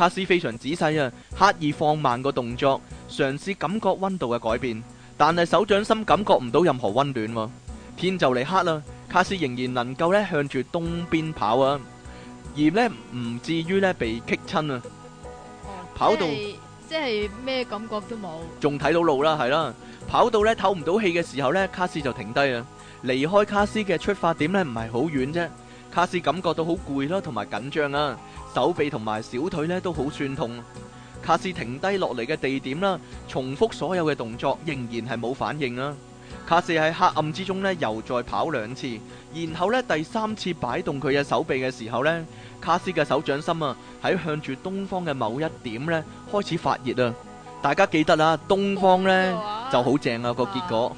卡斯非常仔細啊，刻意放慢個動作，嘗試感覺溫度嘅改變，但係手掌心感覺唔到任何溫暖，天就嚟黑啦。卡斯仍然能夠咧向住東邊跑啊，而咧唔至於咧被擊親啊。跑到即係咩感覺都冇，仲睇到路啦，係啦。跑到咧唞唔到氣嘅時候咧，卡斯就停低啦。離開卡斯嘅出發點咧，唔係好遠啫。卡斯感覺到好攰咯，同埋緊張啊。手臂同埋小腿咧，都好酸痛。卡斯停低落嚟嘅地點啦，重複所有嘅動作，仍然係冇反應啊。卡斯喺黑暗之中呢又再跑兩次，然後呢第三次擺動佢嘅手臂嘅時候呢，卡斯嘅手掌心啊喺向住東方嘅某一點呢開始發熱啊！大家記得啦，東方呢就好正啊個結果。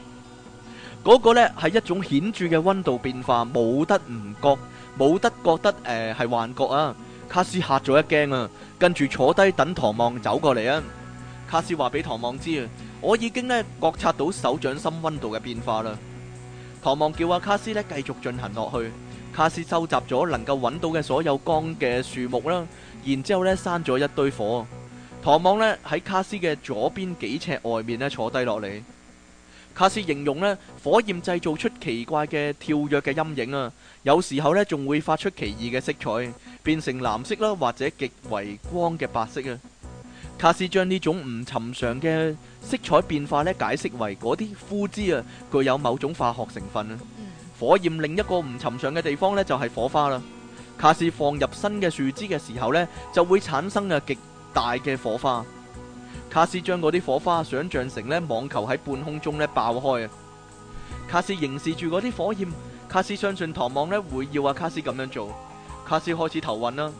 嗰個呢係一種顯著嘅溫度變化，冇得唔覺，冇得覺得誒係幻覺啊！卡斯嚇咗一驚啊！跟住坐低等唐望走過嚟。啊！卡斯話俾唐望知啊，我已經咧覺察到手掌心温度嘅變化啦。唐望叫阿卡斯咧繼續進行落去。卡斯收集咗能夠揾到嘅所有光嘅樹木啦，然之後咧生咗一堆火。唐望呢喺卡斯嘅左邊幾尺外面咧坐低落嚟。卡斯形容咧，火焰製造出奇怪嘅跳躍嘅陰影啊，有時候咧仲會發出奇異嘅色彩，變成藍色啦，或者極為光嘅白色啊。卡斯將呢種唔尋常嘅色彩變化咧，解釋為嗰啲枯枝啊具有某種化學成分啊。火焰另一個唔尋常嘅地方咧，就係火花啦。卡斯放入新嘅樹枝嘅時候咧，就會產生啊極大嘅火花。卡斯將嗰啲火花想象成咧網球喺半空中咧爆開啊！卡斯凝視住嗰啲火焰，卡斯相信唐望咧會要阿、啊、卡斯咁樣做。卡斯開始頭暈啦，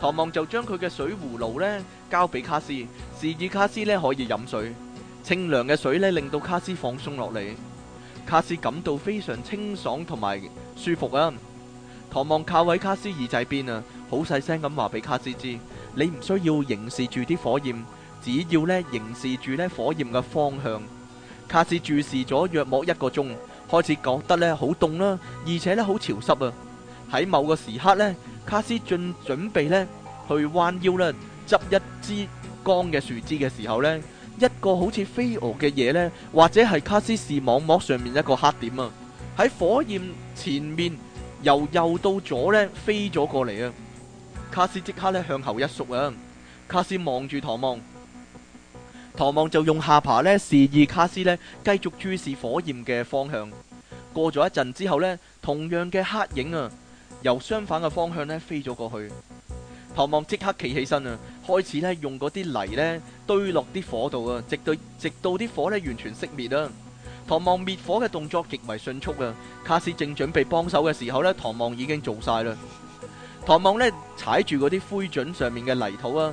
唐望就將佢嘅水葫蘆咧交俾卡斯，示意卡斯咧可以飲水清涼嘅水咧令到卡斯放鬆落嚟。卡斯感到非常清爽同埋舒服啊！唐望靠喺卡斯耳仔邊啊，好細聲咁話俾卡斯知：你唔需要凝視住啲火焰。只要咧凝視住咧火焰嘅方向，卡斯注視咗約莫一個鐘，開始覺得咧好凍啦，而且咧好潮濕啊！喺某個時刻咧，卡斯正準備咧去彎腰咧執一支乾嘅樹枝嘅時候咧，一個好似飛蛾嘅嘢咧，或者係卡斯視網膜上面一個黑點啊，喺火焰前面由右到左咧飛咗過嚟，啊！卡斯即刻咧向後一縮啊！卡斯望住唐望。唐望就用下巴咧，示意卡斯咧繼續注視火焰嘅方向。過咗一陣之後咧，同樣嘅黑影啊，由相反嘅方向咧飛咗過去。唐望即刻企起身啊，開始咧用嗰啲泥咧堆落啲火度啊，直到直到啲火咧完全熄滅啦。唐望滅火嘅動作極為迅速啊！卡斯正準備幫手嘅時候咧，唐望已經做晒啦。唐望咧踩住嗰啲灰燼上面嘅泥土啊。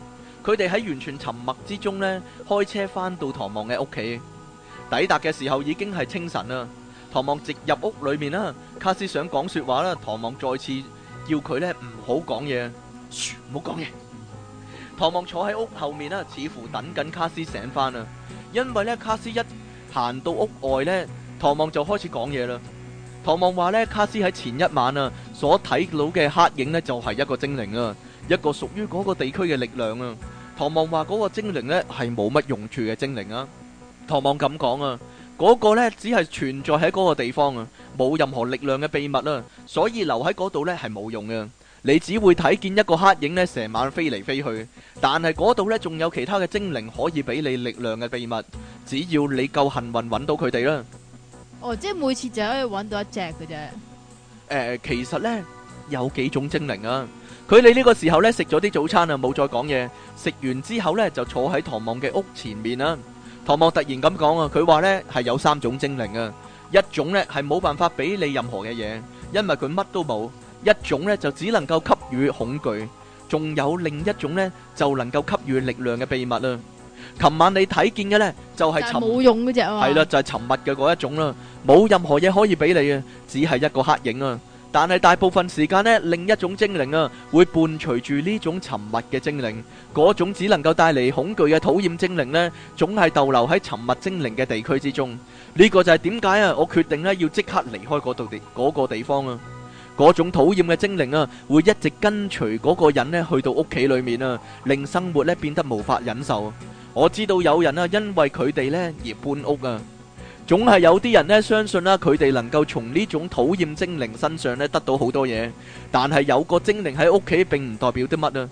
佢哋喺完全沉默之中呢，開車翻到唐望嘅屋企。抵達嘅時候已經係清晨啦。唐望直入屋裏面啦。卡斯想講說話啦，唐望再次叫佢呢：「唔好講嘢，嘘，唔好講嘢。」唐望坐喺屋後面呢，似乎等緊卡斯醒翻啦。因為呢，卡斯一行到屋外呢，唐望就開始講嘢啦。唐望話呢，卡斯喺前一晚啊所睇到嘅黑影呢，就係一個精靈啊，一個屬於嗰個地區嘅力量啊。唐望話：嗰個精靈咧係冇乜用處嘅精靈啊！唐望咁講啊，嗰個咧只係存在喺嗰個地方啊，冇任何力量嘅秘密啦，所以留喺嗰度咧係冇用嘅。你只會睇見一個黑影咧成晚飛嚟飛去，但係嗰度咧仲有其他嘅精靈可以俾你力量嘅秘密，只要你夠幸運揾到佢哋啦。哦，即係每次就可以揾到一隻嘅啫。誒，其實咧有幾種精靈啊。佢哋呢個時候呢食咗啲早餐啊，冇再講嘢。食完之後呢就坐喺唐望嘅屋前面啦。唐望突然咁講啊，佢話呢係有三種精靈啊，一種呢係冇辦法俾你任何嘅嘢，因為佢乜都冇；一種呢就只能夠給予恐懼，仲有另一種呢就能夠給予力量嘅秘密啊。琴晚你睇見嘅呢就係冇用嗰隻啊，係啦就係沉默嘅嗰一種啦，冇任何嘢可以俾你啊，只係一個黑影啊。但係大部分時間咧，另一種精靈啊，會伴隨住呢種沉默嘅精靈，嗰種只能夠帶嚟恐懼嘅討厭精靈咧，總係逗留喺沉默精靈嘅地區之中。呢個就係點解啊？我決定咧要即刻離開嗰度地嗰個地方啊！嗰種討厭嘅精靈啊，會一直跟隨嗰個人咧去到屋企裏面啊，令生活咧變得無法忍受。我知道有人啊，因為佢哋咧而搬屋啊。總係有啲人咧相信，啦、啊，佢哋能夠從呢種討厭精靈身上咧得到好多嘢，但係有個精靈喺屋企並唔代表啲乜啊。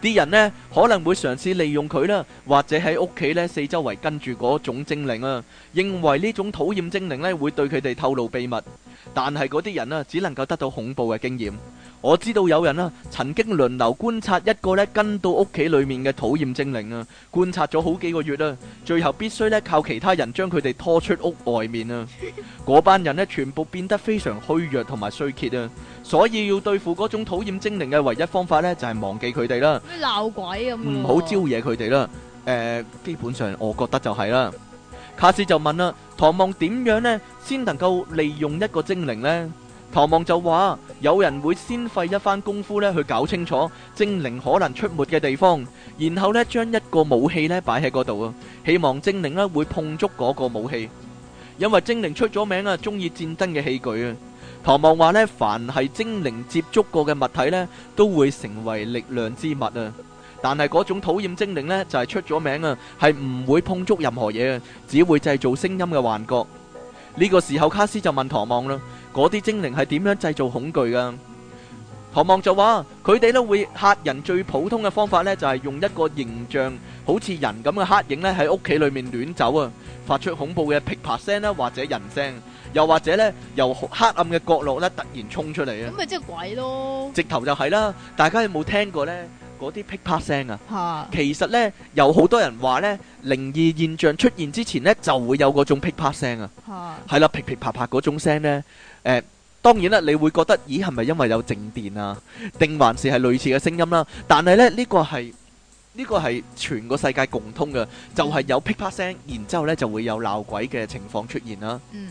啲人呢可能會嘗試利用佢啦，或者喺屋企呢四周圍跟住嗰種精靈啊，認為呢種討厭精靈呢會對佢哋透露秘密。但係嗰啲人啊，只能夠得到恐怖嘅經驗。我知道有人啊曾經輪流觀察一個呢跟到屋企裡面嘅討厭精靈啊，觀察咗好幾個月啊，最後必須呢靠其他人將佢哋拖出屋外面啊。嗰班人呢，全部變得非常虛弱同埋衰竭啊，所以要對付嗰種討厭精靈嘅唯一方法呢，就係忘記佢哋啦。鬧鬼咁，唔好招惹佢哋啦。誒，基本上我覺得就係啦。卡斯就問啦，唐望點樣咧，先能夠利用一個精靈咧？唐望就話，有人會先費一番功夫咧，去搞清楚精靈可能出沒嘅地方，然後咧將一個武器咧擺喺嗰度啊，希望精靈咧會碰觸嗰個武器，因為精靈出咗名啊，中意戰爭嘅器具啊。唐望話呢，凡係精靈接觸過嘅物體呢，都會成為力量之物啊！但係嗰種討厭精靈呢，就係出咗名啊，係唔會碰觸任何嘢啊，只會製造聲音嘅幻覺。呢個時候，卡斯就問唐望啦，嗰啲精靈係點樣製造恐懼噶？唐望就話，佢哋呢會嚇人，最普通嘅方法呢，就係用一個形象，好似人咁嘅黑影呢，喺屋企裏面亂走啊，發出恐怖嘅噼啪聲啦，或者人聲。又或者咧，由黑暗嘅角落咧，突然衝出嚟啊！咁咪即係鬼咯！直頭就係啦，大家有冇聽過咧？嗰啲噼啪聲啊！吓！其實咧，有好多人話咧，靈異現象出現之前咧，就會有嗰種噼啪聲啊！吓！係啦，噼噼啪啪嗰種聲咧，誒，當然啦，你會覺得咦，係咪因為有靜電啊？定還是係類似嘅聲音啦？但係咧，呢個係，呢個係全個世界共通嘅，就係有噼啪聲，然之後咧就會有鬧鬼嘅情況出現啦。嗯。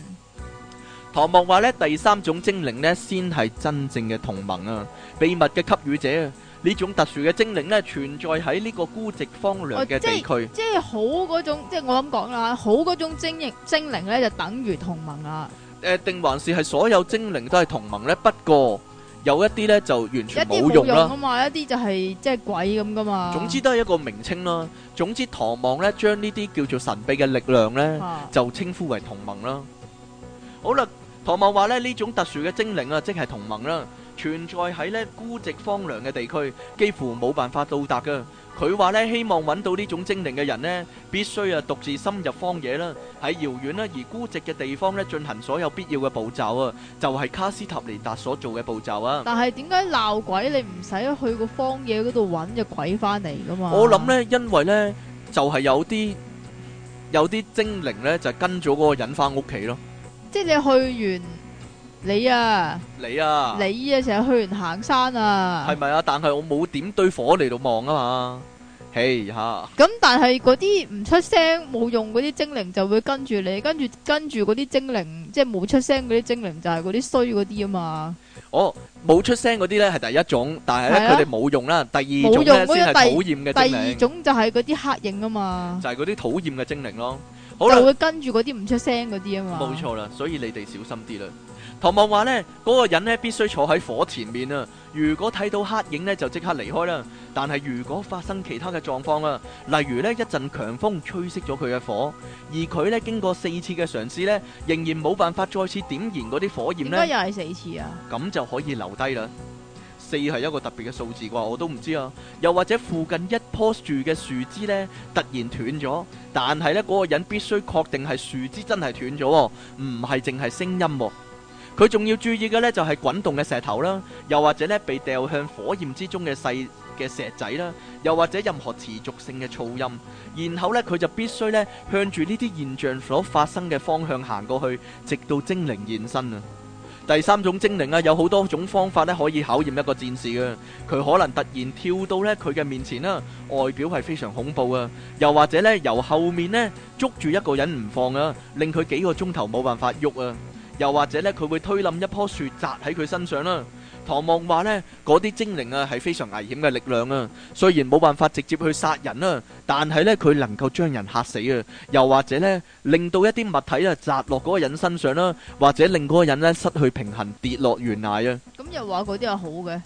唐望話咧，第三種精靈咧，先係真正嘅同盟啊！秘密嘅給予者啊，呢種特殊嘅精靈咧，存在喺呢個孤寂荒涼嘅地區、呃。即係好嗰種，即係我咁講啦，好嗰種精靈精靈咧，就等於同盟啊。呃、定還是係所有精靈都係同盟呢？不過有一啲呢就完全冇用啦。一啲一啲就係即係鬼咁噶嘛。就是、嘛總之都係一個名稱啦。總之，唐望咧將呢啲叫做神秘嘅力量呢，就稱呼為同盟啦。好啦，唐望話咧，呢種特殊嘅精靈啊，即係同盟啦，存在喺咧孤寂荒涼嘅地區，幾乎冇辦法到達噶。佢話咧，希望揾到呢種精靈嘅人咧，必須啊獨自深入荒野啦，喺遙遠啦而孤寂嘅地方咧進行所有必要嘅步驟啊，就係卡斯塔尼達所做嘅步驟啊。但係點解鬧鬼？你唔使去個荒野嗰度揾隻鬼翻嚟噶嘛？我諗咧，因為咧就係有啲有啲精靈咧就跟咗嗰個人翻屋企咯。即係你去完你啊，你啊，你啊，成日去完行山啊，係咪啊？但係我冇點堆火嚟到望啊嘛，嘿吓。咁但係嗰啲唔出聲冇用嗰啲精靈就會跟住你，跟住跟住嗰啲精靈，即係冇出聲嗰啲精靈就係嗰啲衰嗰啲啊嘛。哦，冇出聲嗰啲咧係第一種，但係咧佢哋冇用啦。第二種咧先係討厭嘅精靈。第二種就係嗰啲黑影啊嘛。就係嗰啲討厭嘅精靈咯。好啦，就會跟住嗰啲唔出聲嗰啲啊嘛，冇錯啦，所以你哋小心啲啦。唐望話呢，嗰、嗰個人呢必須坐喺火前面啊。如果睇到黑影呢，就即刻離開啦。但係如果發生其他嘅狀況啦，例如呢一陣強風吹熄咗佢嘅火，而佢呢經過四次嘅嘗試呢，仍然冇辦法再次點燃嗰啲火焰呢，乜又係四次啊。咁就可以留低啦。四係一個特別嘅數字啩，我都唔知啊。又或者附近一棵樹嘅樹枝呢，突然斷咗，但係呢，嗰、嗰個人必須確定係樹枝真係斷咗，哦，唔係淨係聲音，哦。佢仲要注意嘅呢就係、是、滾動嘅石頭啦，又或者呢被掉向火焰之中嘅細嘅石仔啦，又或者任何持續性嘅噪音。然後呢，佢就必須呢向住呢啲現象所發生嘅方向行過去，直到精靈現身啊！第三種精靈啊，有好多種方法咧可以考驗一個戰士嘅。佢可能突然跳到咧佢嘅面前啦，外表係非常恐怖啊。又或者咧由後面咧捉住一個人唔放啊，令佢幾個鐘頭冇辦法喐啊。又或者咧佢會推冧一棵樹砸喺佢身上啦。唐望話呢嗰啲精靈啊，係非常危險嘅力量啊。雖然冇辦法直接去殺人啦，啊，但係呢，佢能夠將人嚇死啊，又或者呢令到一啲物體啊砸落嗰個人身上啦，啊，或者令嗰個人呢失去平衡跌落懸崖啊。咁又話嗰啲係好嘅？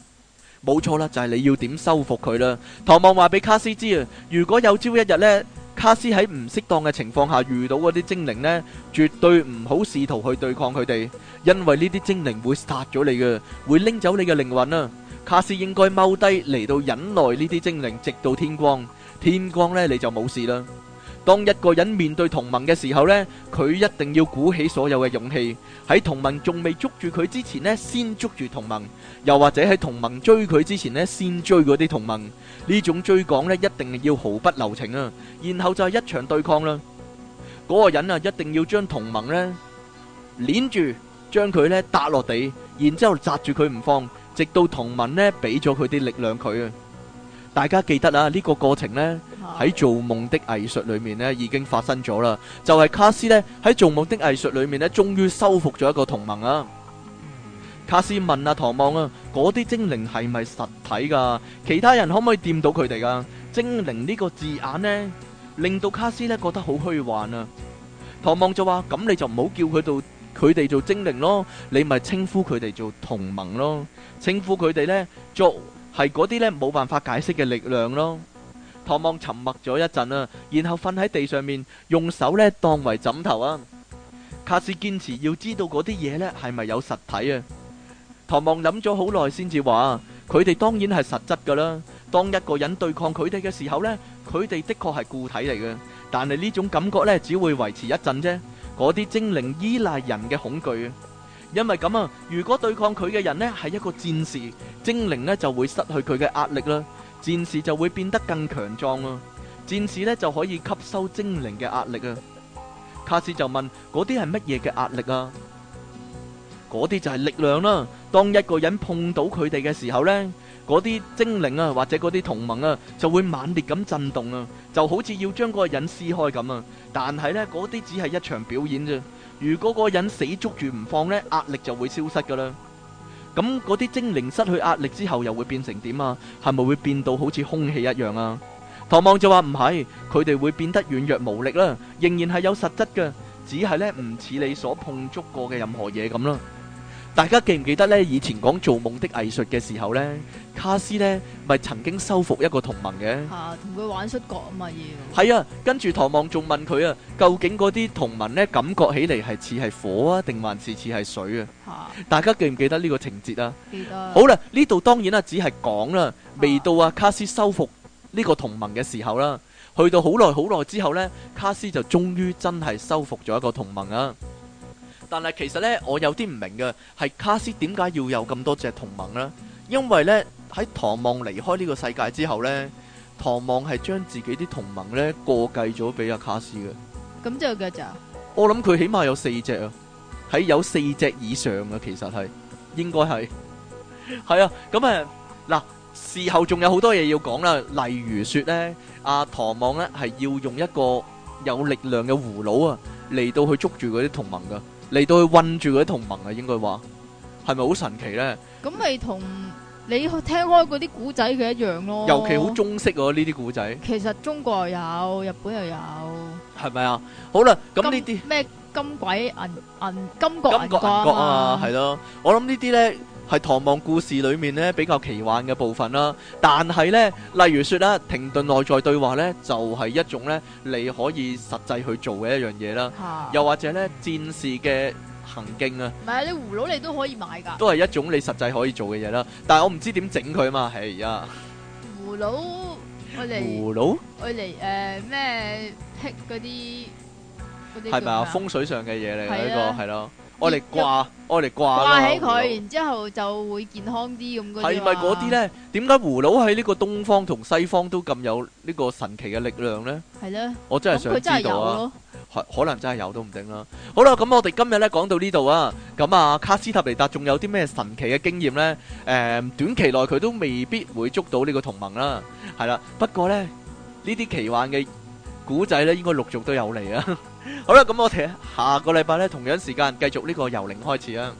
冇錯啦，就係、是、你要點收服佢啦。唐望話俾卡斯知啊，如果有朝一日呢。卡斯喺唔適當嘅情況下遇到嗰啲精靈呢，絕對唔好試圖去對抗佢哋，因為呢啲精靈會殺咗你嘅，會拎走你嘅靈魂啊。卡斯應該踎低嚟到忍耐呢啲精靈，直到天光，天光呢你就冇事啦。當一個人面對同盟嘅時候呢，佢一定要鼓起所有嘅勇氣，喺同盟仲未捉住佢之前呢先捉住同盟；又或者喺同盟追佢之前呢先追嗰啲同盟。呢種追趕呢一定要毫不留情啊！然後就係一場對抗啦。嗰、那個人啊，一定要將同盟呢連住將佢呢搭落地，然之後紮住佢唔放，直到同盟呢俾咗佢啲力量佢啊！大家記得啦、啊，呢、這個過程呢，喺做夢的藝術裏面呢已經發生咗啦，就係、是、卡斯呢，喺做夢的藝術裏面呢，終於收復咗一個同盟啊！卡斯問阿、啊、唐望啊，嗰啲精靈係咪實體噶？其他人可唔可以掂到佢哋噶？精靈呢個字眼呢，令到卡斯呢覺得好虛幻啊！唐望就話：咁你就唔好叫佢做佢哋做精靈咯，你咪稱呼佢哋做同盟咯，稱呼佢哋呢做……」係嗰啲咧，冇辦法解釋嘅力量咯。唐望沉默咗一陣啦，然後瞓喺地上面，用手咧當為枕頭啊。卡斯堅持要知道嗰啲嘢咧，係咪有實體啊？唐望諗咗好耐先至話，佢哋當然係實質噶啦。當一個人對抗佢哋嘅時候咧，佢哋的確係固體嚟嘅，但係呢種感覺咧只會維持一陣啫。嗰啲精靈依賴人嘅恐懼啊！因為咁啊，如果對抗佢嘅人呢，係一個戰士，精靈呢就會失去佢嘅壓力啦，戰士就會變得更強壯啦，戰士呢就可以吸收精靈嘅壓，壓力啊。卡斯就問：嗰啲係乜嘢嘅壓力啊？嗰啲就係力量啦。當一個人碰到佢哋嘅時候呢，嗰啲精靈啊或者嗰啲同盟啊就會猛烈咁震動啊，就好似要將嗰個人撕開咁啊。但係呢，嗰啲只係一場表演啫。如果個人死捉住唔放咧，壓力就會消失噶啦。咁嗰啲精靈失去壓力之後，又會變成點啊？係咪會變到好似空氣一樣啊？唐望就話唔係，佢哋會變得軟弱無力啦，仍然係有實質嘅，只係呢唔似你所碰觸過嘅任何嘢咁啦。大家記唔記得咧？以前講做夢的藝術嘅時候咧，卡斯咧咪曾經收服一個同盟嘅。吓，同佢玩出國啊嘛要。係啊，跟住唐望仲問佢啊，究竟嗰啲同盟咧感覺起嚟，係似係火啊，定還是似係水啊？吓，大家記唔記得呢個情節啊？記得。好啦，呢度當然啦，只係講啦，未到阿卡斯收服呢個同盟嘅時候啦。去到好耐好耐之後咧，卡斯就終於真係收服咗一個同盟啊！但係其實咧，我有啲唔明嘅係卡斯點解要有咁多隻同盟呢？因為咧，喺唐望離開呢個世界之後咧，唐望係將自己啲同盟咧過繼咗俾阿卡斯嘅。咁就幾咋，我諗佢起碼有四隻啊，喺有四隻以上嘅，其實係應該係係 啊。咁啊嗱，事後仲有好多嘢要講啦，例如說咧，阿、啊、唐望咧係要用一個有力量嘅葫蘆啊嚟到去捉住嗰啲同盟噶。嚟到去困住嗰啲同盟啊，應該話係咪好神奇咧？咁咪同你聽開嗰啲古仔嘅一樣咯。 尤其好中式喎呢啲古仔。其實中國又有，日本又有。係咪啊？好啦，咁呢啲咩金鬼銀銀金國銀國啊？係咯、啊，我諗呢啲咧。係唐望故事裏面咧比較奇幻嘅部分啦，但係咧，例如說咧停頓內在對話咧就係一種咧你可以實際去做嘅一樣嘢啦。又或者咧戰士嘅行徑啊，唔係啊，你葫蘆你都可以買噶，都係一種你實際可以做嘅嘢啦。但係我唔知點整佢嘛，係啊，葫蘆用嚟，葫蘆用嚟誒咩劈嗰啲，係咪啊風水上嘅嘢嚟啊？呢個係咯。我哋掛，我哋掛啦。掛起佢，然之後就會健康啲咁。係咪嗰啲咧？點解葫蘆喺呢個東方同西方都咁有呢個神奇嘅力量咧？係咧，我真係想知道啊！可可能真係有都唔定啦。好啦，咁我哋今日咧講到呢度啊。咁啊，卡斯塔尼達仲有啲咩神奇嘅經驗咧？誒，短期內佢都未必會捉到呢個同盟啦。係啦，不過咧呢啲奇幻嘅古仔咧，應該陸續都有嚟啊。好啦，咁我哋下個禮拜咧，同樣時間繼續呢個由零開始啊。